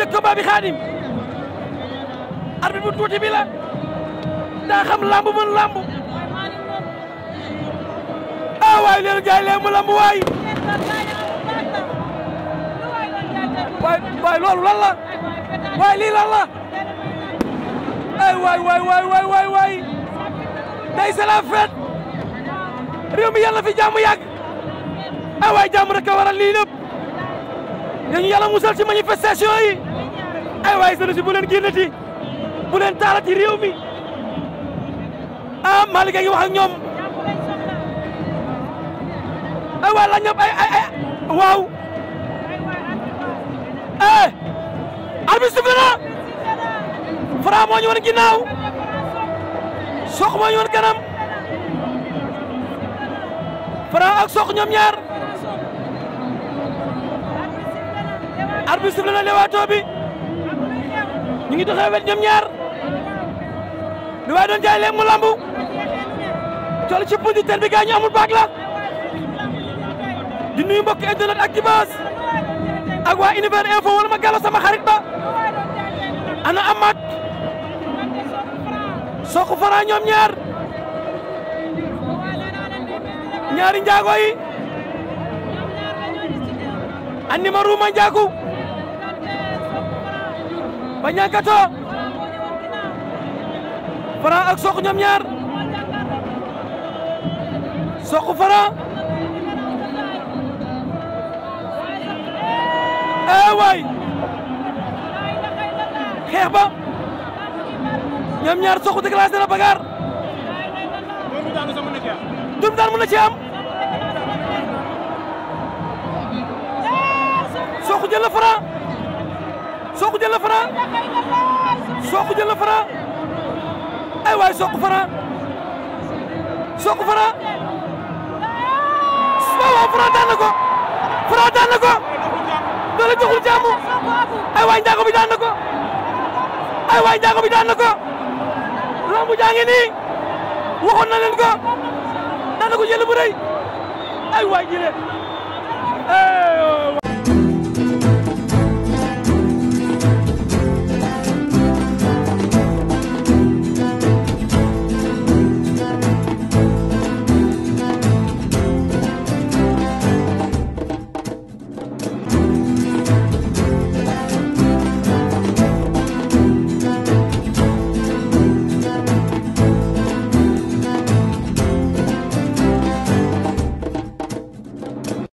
tëgg combat bi xaadim arbitre bu tuuti bi la ndaa xam mën lamb ah waay leen ay waay waay waay waay waay waay tey c'est la mi yàlla fi jàmm yàgg ah waay jàmm rek a waral lii lépp musal ci manifestation yi ay waay seen si bu leen génnati bu leen taalati réew mi ah Malick wax ak ñoom ay waay la ñoom ay ay waaw eh arbitre sifflé na Franc moo ñu woon ginnaaw Sokh moo ñu woon kanam Franc ak Sokh ñoom ñaar arbitre sifflé na lewaatoo bi ñu ngi doxee wet ñoom ñaar lu waay doon jaay leen mu lambu toll ci producteur bi gaañu amul baag la di nuyu mbokk internet ak dimanche ak waa univers info wala ma gàllo sama xarit ba ana amat soxu fara ñaar ñaari njaago yi an numéro ma a ñankato Franc ak Sokh ñoom ñaar Sokh Franc ee eh, waay xeex ba ñoom ñaar Sokh déclenché na bagaar dum daan mën na ci am Sokh jël Sokh jël na Franc Sokh jël na Franc ay waay Sokh Franc Sokh Franc waaw waaw Franc daan na ko Franc daan na doole joxul jaamu ay waay njaago bi daan na ay waay njaago bi daan na ko lambu jaa ngi nii waxoon na leen ko ay waay jile